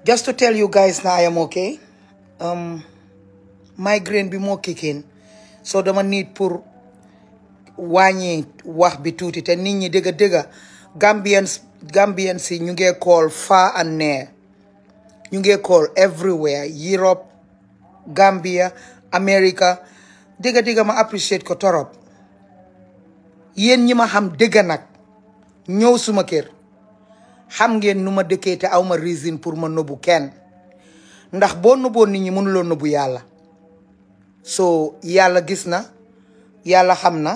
Just to tell you guys now I am okay. Um, migraine be more kicking so man need poor. wàññi wax be tuuti te nit ñi diga diga, Gambians Gambians in ñu ngee call far and near You get call everywhere Europe Gambia America dëgga diga ma appreciate kotorop. Yen ñi ma ham dëgga ñëw suma kër xam ngeen nu ma dëkkee te aw ma résine pour ma nëbbu kenn ndax boo nëbboon ni ñi mënuloo nëbbu yàlla so yàlla gis na yàlla xam na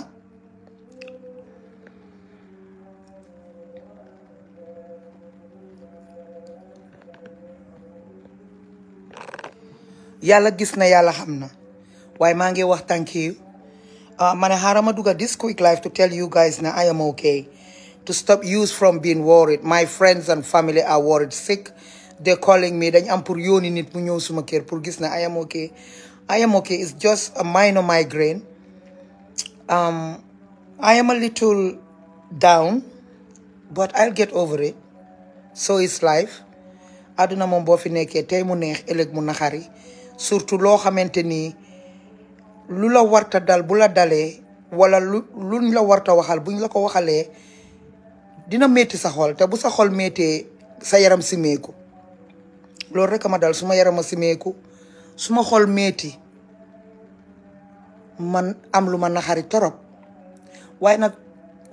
yàlla gis na yàlla xam na waaye maa ngi wax thank you ah, ma ne xaaral ma dugg a this quick life to tell you guys na I am okay to stop you from being worried my friends and family are worried sick they are calling me dañ am pour yónni nit mu ñëw suma kër pour gis ne I am okay I am okay it's just a minor migraine um I am a little down but I'll get over it so is life Aduna moom boo fi nekkee tey mu neex ëllëg mu naxari surtout loo xamante ni warta dal bula dale wala lu luñ la warta waxal buñ la ko waxalee dina métti sa xool te bu sa xool méttee sa yaram simeeku loolu rek ma dal su ma yaram a simeeku su ma xol métti man am lu ma naxari torop waaye nag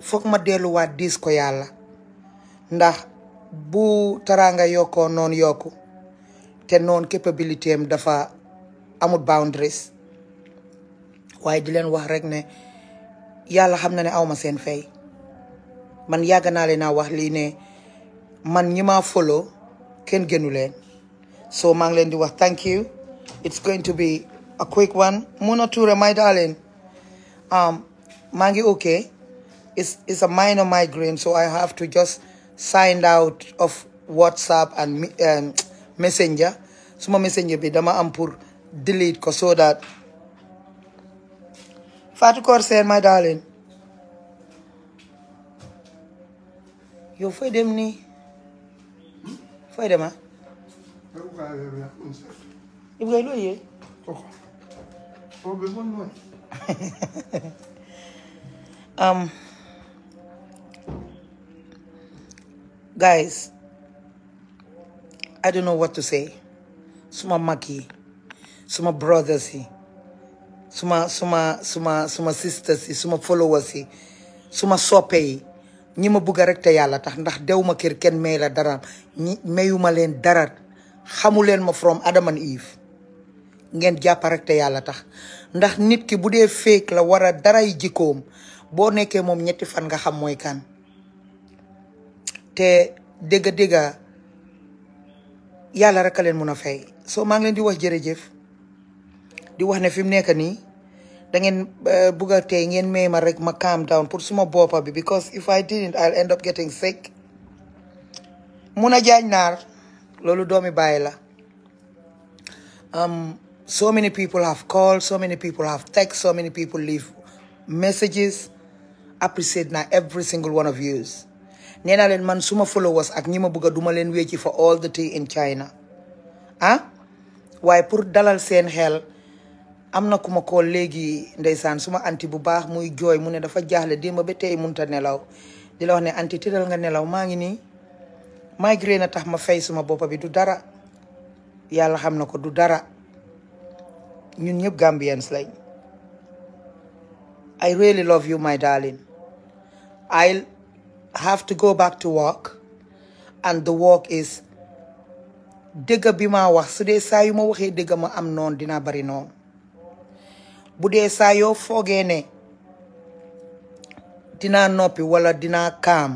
foog ma delluwaat diis ko yàlla ndax bu taraanga yokkoo noon yokku te noon capabilité am dafa amul boundaries waaye di leen wax rek ne yàlla xam na ne awma seen fay man yàgg naa na a wax ne man ñi follow ken gënu so maa ngi di wax thank you it's going to be a quick one Muna Touré my darling um maa ngi okay it's it's a minor migraine so I have to just sign out of WhatsApp and um, Messenger suma Messenger bi dama am pour delete ko so that Fatou my darling You fooy them ni? fooy them ah. Ibra loo yee. um, guys, I don't know what to say. Suma maki, suma brothers here. suma suma suma suma sisters suma followers suma soppe ñi ma bëgg rek te yalla tax ndax dew kër kenn may la dara mayuma leen dara xamu ma from Adam and Eve ngeen japp rek te yalla tax ndax nit ki bu dee la wara dara yi jikkoom bo nekkee mom ñetti fan nga xam moy kan te dégg dégga yalla rek a leen mëna fay so ma ngi leen di wax jërëjëf di wax né fim nekk da eh, bugal tay tey ngeen may ma rek ma calm down pour suma boppa bi because if I didn't I'll end up getting sick Muna a nar naar domi doomi Um, so many people have called so many people have text so many people leave messages appreciate na every single one of yous nee naa man suma followers ak ñima ma bëgg a duma for all the tea in China ah waaye pour dalal seen hell. amna kuma ko léegi ndaysan suma anti bu baax muy joy mune dafa jaxle démb be tay munta nelaw di la wax ne anti tidal nga nelaw maa ni, nii migraine a tax ma fay suma boppa bi du dara yalla xamna ko du dara ñun ñep Gambians lay I really love you my darling I'll have to go back to work and the work is Dega bi ma wax su de sayuma waxe ma ma am non dina bari non bu dee saa yoo foogee ne dinaa noppi wala dinaa calm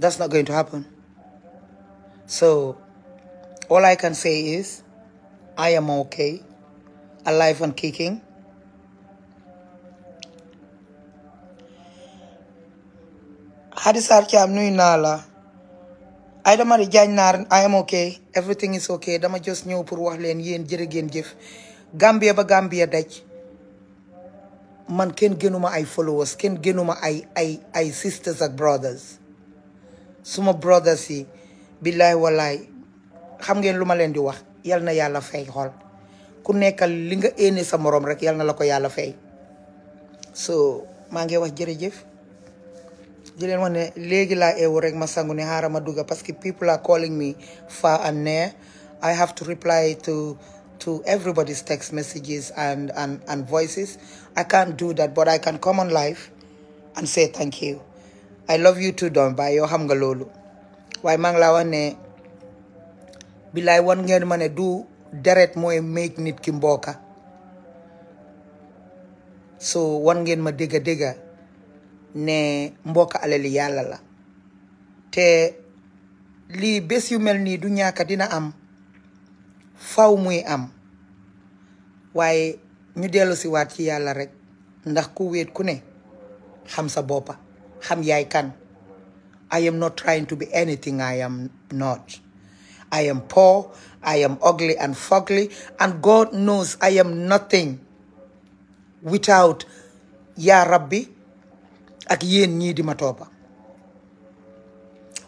that's not going to happen so all I can say is I am okay alive and kicking Hadi Sarr Thiam nuyu naa la ay dama di jaañ naar I am okay everything is okay dama just ñëw pour wax leen yéen jërë Gambia ba Gambia daj man kenn gënuma ay followers kenn gënuma ay ay ay sisters ak brothers suma brothers yi billaay wallaay xam ngeen lu ma leen di wax yal na yàlla fay xool ku nekkal li nga éene sa moroom rek yal na la ko yàlla fay so maa ngi wax jërëjëf di leen wax ne léegi laa eewu rek ma sangu ne xaaral ma dugga parce que people are calling me far and near I have to reply to to everybody's text messages and, and, and voices. I can't do that, but I can come on live and say thank you. I love you too, Don Bayo Hamgalolu. Why manglawane? ne one won ngeen mané du deret moy make nit kimboka. So one ngeen ma diga ne mboka alali yalla Te li bes you mel ni du kadina am faw muy am waaye ñu dellu si waat ci yàlla rek ndax ku wéet ku ne xam sa boppa xam yaay kan I am not trying to be anything I am not I am poor I am ugly and fugly and God knows I am nothing without yaa rabbi ak yéen ñii di ma toppa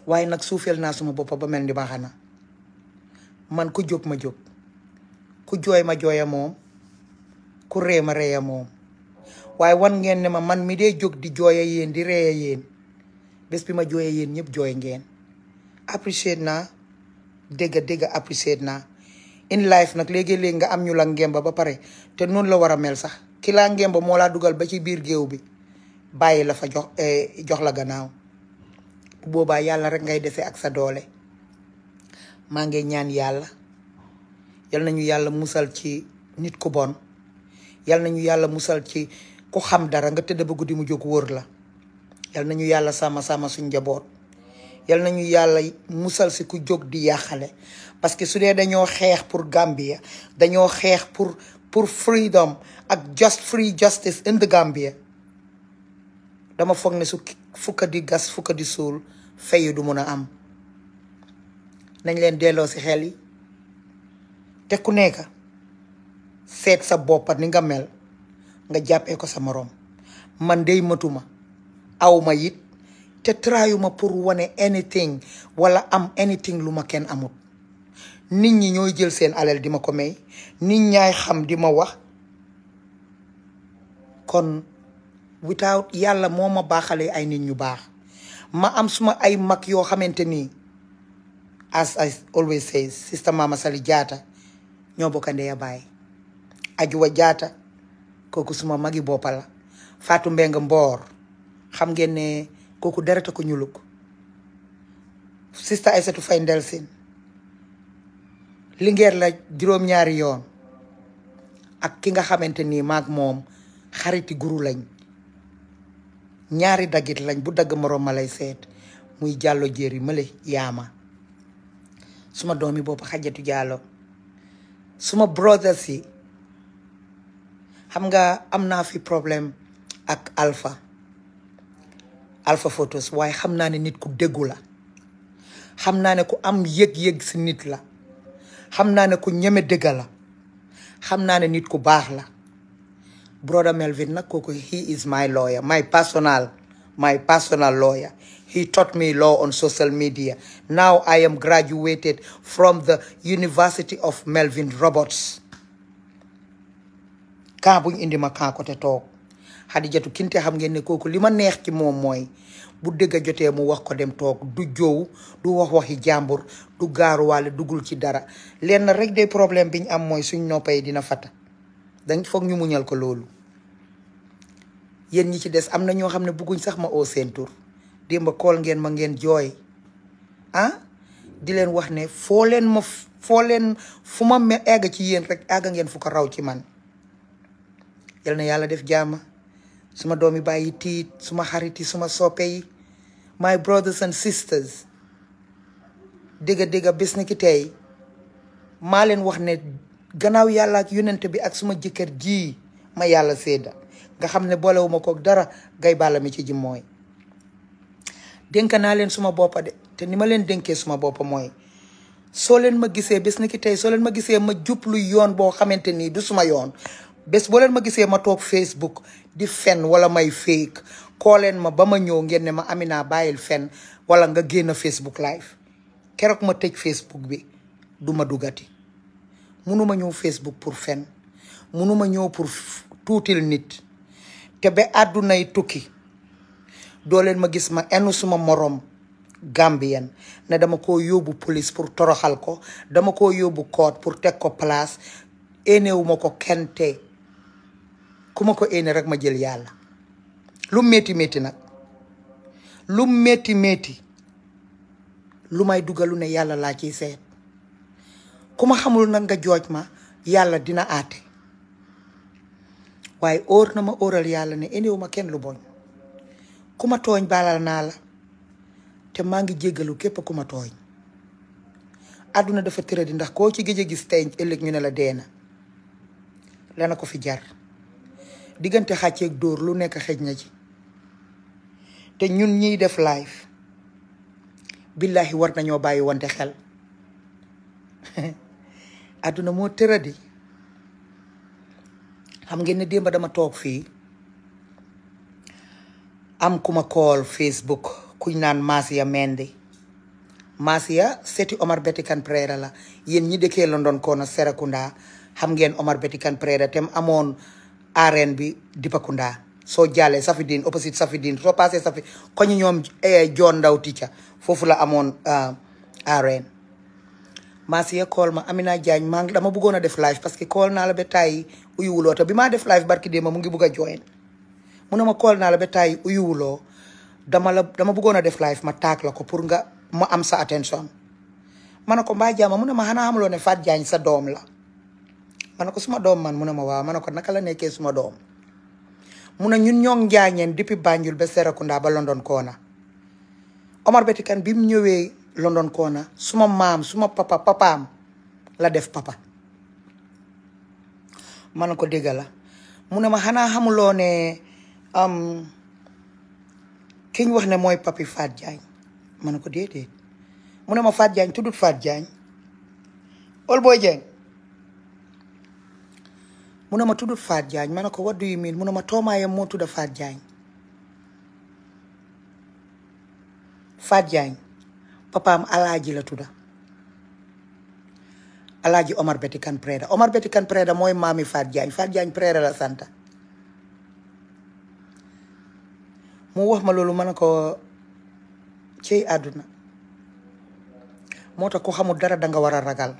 waaye nag suufeel naa suma boppa ba mel ni ma xanaa man ku jóg ma jóg ku jooy ma jooya moom ku ree ma reeya moom waaye wan ngeen ne ma man mi dee jóg di jooya yéen di reeya yéen bés bi ma jooya yéen ñëpp jooy ngeen apprécié naa dégga dégga apprécié naa in life nag léegi-léegi nga am ñu la ngemba ba pare te noonu la war a mel sax ki laa ngemba moo laa dugal ba ci biir géew bi bàyyi la fa jox eh, la gannaaw bu boobaa yàlla rek ngay defee ak sa doole maa ngi ñaan yàlla yal nañu yàlla musal ci nit ku bon yal nañu yàlla musal ci ku xam dara nga tëdd ba guddi mu jóg wóor la yal nañu yàlla sama sàmma suñ njaboot yal nañu yàlla musal si ku jóg di yàqale parce que su dee dañoo xeex pour Gambia dañoo xeex pour pour freedom ak just free justice in Gambia dama foog ne su fukka di gas fukka di suul fay du mun a am nañ leen delloo si xel yi te ku nekk seet sa boppa ni nga mel nga jàppee ko sa moroom man dey matuma awma yit te ma pour wane anything wala am anything lu ma kenn amut nit ñi ñooy jël seen alal di ma ko may nit ñaay xam di ma wax kon without yàlla moo ma baaxalee ay nit ñu baax ma am suma ay mag yoo xamante nii as I always say sister Mama Sali Jaata ñoo bokk ndey Ajuwa Jaata kooku suma magi boppa la Fatou Mbeng Mboor xam ngeen ne kooku dereta ko ñuluk sister Aysatu Fay Ndelsin lingeer la juróom-ñaari yoon ak ki nga xamante ni moom xariti guru lañ ñaari daggit lañ bu dagg moroom ma lay seet muy jàllo jéeri male yaama suma doomi boobu xajatu jàllo suma brothers yi xam nga am naa fi problème ak alpha alpha photos waaye xam naa ne nit ku déggu la xam naa ne ku am yëg-yëg si nit la xam naa ne ku ñeme dëgga la xam naa ne nit ku baax la brother Melvin nag kooku he is my lawyer my personal my personal lawyer He taught me law on social media. Now I am graduated from the University of Melvin Roberts. kaa bu indi ma kaa côté toog Xadijatu Kinte xam ngeen ne kooku li ma neex ci moom mooy bu dëgg a jotee mu wax ko dem toog du jow du wax waxi jàmbur du gaaruwaale duggul ci dara lenn rek de problème bi ñu am mooy suñ noppee dina fata dañ foog ñu muñal ko loolu yéen ñi ci des am na ñoo xam ne bëgguñ sax ma oo seen demba kol ngeen ma ngeen joy ah di len wax ne fo len ma fo len fuma me egg ci yeen rek egg ngeen fu raw ci man yel na def jama suma domi bàyyi ti, suma xariti suma soppe yi my brothers and sisters diga diga bis ki tay ma len wax ne gannaaw yalla ak yonent bi ak suma jëkkër ji ma yalla séeda nga xamne ne ko dara gay balami ci jimmoy dénk naa leen suma boppa de te ni ma leen dénkee suma boppa mooy soo leen ma gisee bés ni ki tey soo leen ma gisee ma jublu yoon boo xamante nii du suma yoon bés boo leen ma gisee ma toog Facebook di fen wala may fake koo leen ma ba ma ñëw ngeen ne ma Amina bàyyil fen wala nga génn Facebook live keroog ma tëj Facebook bi duma duggati dugati munuma ñëw Facebook pour fen munuma ñëw pour tuutil nit te ba àddunay tukki doo leen ma gis ma enn suma moroom gàmbien ne dama ko yóbbu police pour toroxal ko dama ko yóbbu code pour teg ko place éenewu ma ko kente ku ma ko éene rek ma jël yàlla lu metti métti nag lu métti métti lu may dugalu ne yàlla laa ciy seet ku ma xamul nag nga jooj ma yàlla dina aate waaye óor na ma óoral yàlla ne éenewu ma kenn lu boñ ku ma tooñ baalal naa la te maa ngi jéggalu képp ku ma tooñ àdduna dafa tëra ndax koo ci géej a gis tey ëllëg ñu ne la dee na lana ko fi jar diggante xàcceek dóor lu nekk xej na ci te ñun ñiy def live billahi war nañoo bàyyi wante xel àdduna moo tëra xam ngeen ne démb dama toog fii am ku ma kool Facebook kuñ naan Masia Mendy Masia seeti Omar Betty Kan Prera la yéen ñi dëkkee London Corners Serekunda xam ngeen Omar Betty Prera tem amoon arène bi Dipakunda soo jàllee Safidine opposite Safidine soo passé Safi koñu ñoom eh, John Ndaw Tica foofu la amoon ah, arène Masia kool ma Amina Diagne maa dama bëggoon a def live parce que kool naa la ba tàyyi uyuwuloo te bi maa def live barki démb mu ngi bugg a join mu ne ma kool naa la ba tàyyi uyuwuloo dama la dama bëggoon a def live ma taak la ko pour nga ma am sa attention ma ne ko mbaa jaama mu ne ma xanaa xamuloo ne Fat Diagne sa doom la ma ne ko suma doom man mu ne ma waaw ma ne ko naka la nekkee suma doom mu ne ñun ñoo njaañeen depuis Banjul ba Serekunda ba London Kona Omar bi mu ñëwee London Kona suma maam suma papa papaam la def papa ma ne ko dégg la ma xanaa xamuloo am king wax ne moy papi Fat Diagne ma dede? ko déedéet mu ma Fat Diagne tuddut Fat Diagne Old Boy Dieng mune ma tudut Fat Diagne ko what do you mean mu ma tomaye mo tudda Fat Diagne Fat Diagne papaam alaaji la tudda alaaji Omar Betikan Preda Omar Betikan Preda moy mami Fat Diagne Fat Diagne Preda la santa mu wax ma loolu ma ne ko cey àdduna moo tax ku xamul dara danga war a ragal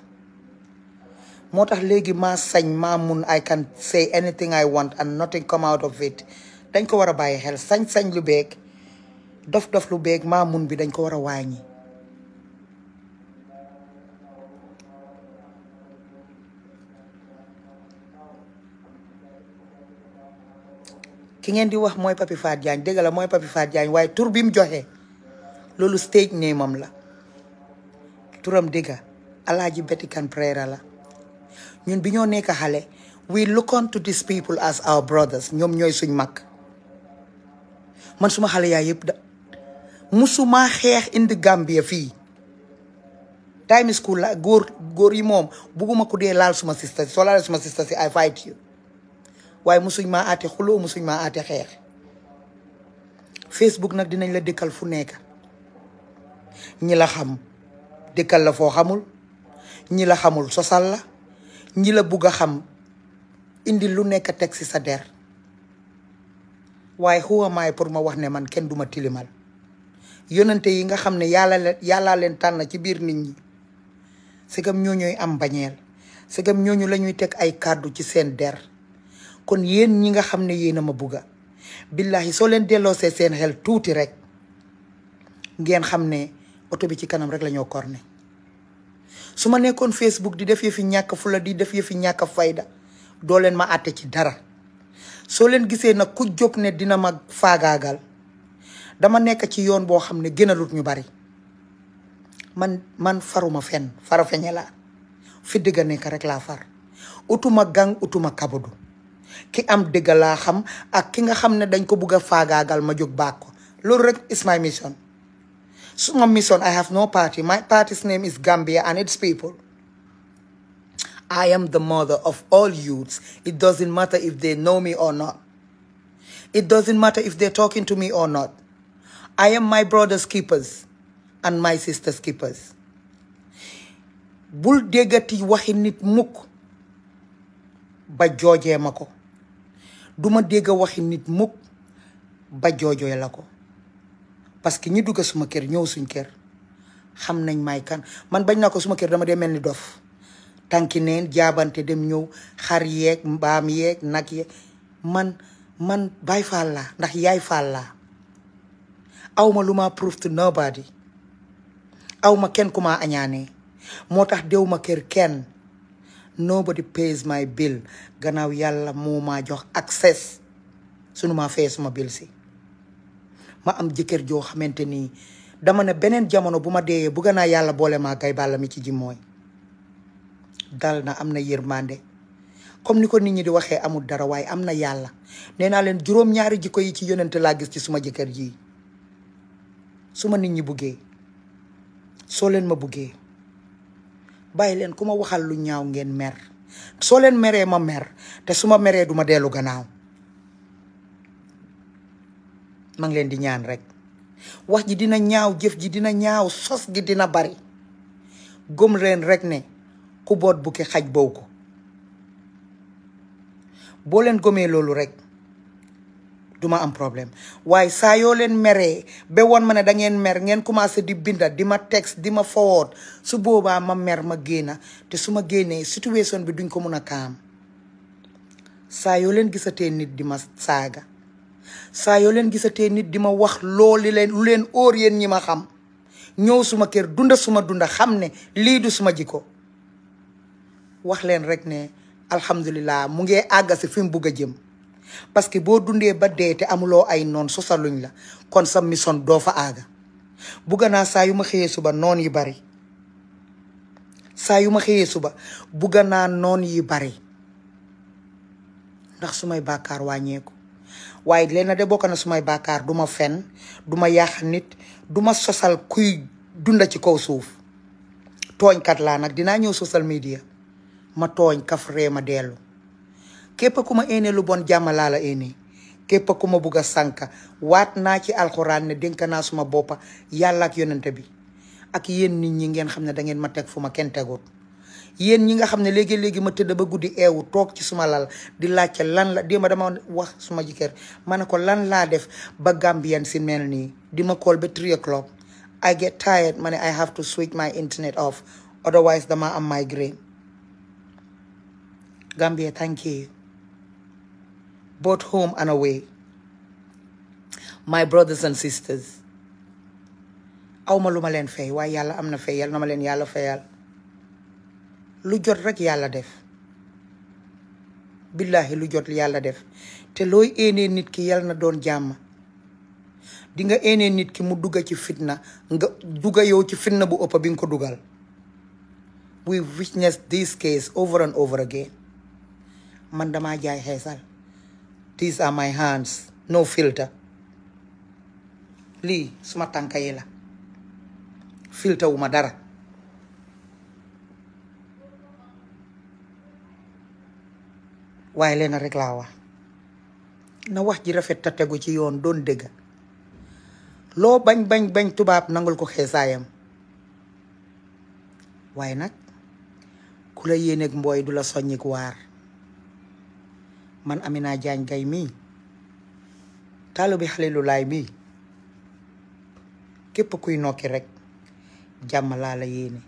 moo tax léegi ma sañ maa mun I can say anything I want and nothing come out of it dañ ko war a bàyyi xel sañ-sañ lu beeg dof-dof lu beeg maa mun bi dañ ko war a wàññi ki ngeen di wax moy Papi Fat Diagne dëgg moy Papi Fat Diagne waaye tur bim joxe lolou stage name am la turam dega. Alaaji betikan Kan Prera la ñun biño nekk xalé we look on to these people as our brothers ñom ñoy suñ mak man suma ya ya yeb da musuma in the Gambia fi time school la gor gor yi mom buguma sumasista. de laal suma sister so suma sister si I fight you waaye musuñ ma até xulo musuñ ma até xeex Facebook nak dinañ la dëkkal fu nekk ñi la xam dëkkal la fo xamul ñi la xamul sosal la ñi la bëgg xam indi lu nekk tek ci sa der huwa may pour ma wax ne man kèn duma tilimal yonenté yi nga xamné ne yalla len tan ci bir nit ñi segam ñoñoy am bañel segam comme la lañuy tek ay cadeau ci sen der kon yéen ñi nga xam ne yéen a ma bugga billahi soo leen delloosee seen xel tuuti rek ngeen xam ne oto bi ci kanam rek la ñoo corné su ma nekkoon Facebook di def yëfi ñàkk fula di def yëfi ñàkk fayda doo leen ma àtte ci dara soo leen gisee nag ku jóg ne dina mag faagaagal dama nekk ci yoon boo xam ne gënalut ñu bari man man faruma fenn fara feñe laa fi digga nekk rek laa far utuma gang utuma kabudu ki am dëgg laa xam ak ki nga xam ne dañ ko bugg a faagaagal ma jóg baag ko rek is my mission suma mission I have no party my party's name is Gambia and its people I am the mother of all youths it doesn't matter if they know me or not it doesn't matter if they're talking to me or not I am my brother's keepers and my sister's keepers bul degati waxi nit mukk ba joojee duma ma dégg waxi nit mukk ba joojooy la ko parce que ñi dugg suma kër ñëw suñ kër xam nañ may kan man bañ naa ko suma kër dama dee mel ni dof tànki neen jaabante dem ñëw xar yeeg mbaam yeeg nag yeeg man man baay faal ndax yaay faal laa awma lu ma proof to nobody awma kenn ku ma añaanee moo tax dew ma kër kenn nobody pays my bill gannaaw yàlla moo maa jox access sunu maa fayee suma bill si ma am jëkkër joo xamante ni dama ne beneen jamono bu ma deeyee bëgg naa yàlla boole maa gay bàlla mi ci ji mooy dal na am na yërmande comme ni ko nit ñi di waxee amul dara waaye am na yàlla nee naa leen juróom-ñaari jikko yi ci yonente laa gis ci suma jëkkër ji suma nit ñi buggee soo leen ma buggee bàyyi leen ku ma waxal lu ñaaw ngeen mer soo leen meree ma mer te su ma meree duma dellu gannaaw ma ngi leen di ñaan rek wax ji dina ñaaw jëf ji dina ñaaw sos gi dina bari góom leen rek ne ku boot bukki xaj bow ko boo leen gomee loolu rek duma am problem. Why sa yo len meree be won mané da ngén mer ngén commencé di binda di ma texte di ma forward su boba ma mer ma génna té suma ma situation bi duñ ko mëna kam sa yo len gissaté nit di ma saga sa yo len gissaté nit di ma wax len lu len or ñima xam suma kër dunda suma dunda xamné li du suma jiko. wax len rek né alhamdullilah mu ngé agga si fim bëgg jëm parce que boo dundee ba dee te amuloo ay noon sosaluñ la kon sa mission doo fa aaga bugga naa saa yu ma xëyee suba noon yi bari saa yu ma xëyee suba bugga naa noon yi bari ndax sumay bàkkaar wàññeeku waaye lenn de bokk na sumay bàkkaar duma fen duma yàq nit duma sosal kuy dunda ci kaw suuf tooñkat laa nag dinaa ñëw social media ma tooñ kaf ree ma dellu képp kuma ene lu bon jàmm laa la éene képp ku ma bugg a ci alquran ne dénk na suma bopa yalla ak yonente bi ak yen nit ñi ngeen xamne da ngeen ma tek fuma ma kenn tegoot ñi nga xamne legge legge ma tedd ba guddii ewu tok ci suma lal di laacc lan la démb dama wax suma jiker. manako lan la def ba gambian si melni call be three o'clock I get tired ma I have to switch my internet off otherwise dama am migraine Gambia thank you both home and away. My brothers and sisters, aw ma lu ma leen fay waaye yàlla am na fay yàlla na ma leen yàlla fayal lu jot rek yàlla def billahi lu jot yàlla def te looy éenee nit ki yàlla na doon jàmm di nga éenee nit ki mu dugga ci fitna nga dugga yow ci fitna bu ëpp bi ko dugal we witness this case over and over again man damaa jaay xeesal these are my hands no filter lii suma tànka yi la filter ma dara waaye leena rek laa wax na wax ji rafet ta tegu ci yoon doon dëgg loo bañ bañ bañ tubaab nangul ko xeesaayam waaye nag ku la yéeneeg mbooy du la soññik waar man Amina jaañ gay mi taalibe Xaliilu Laay bii képp kuy nokki rekk jàmm laa la yéene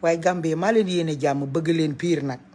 waaye Gambie maa leen yéene jàmm bëgg leen piir nag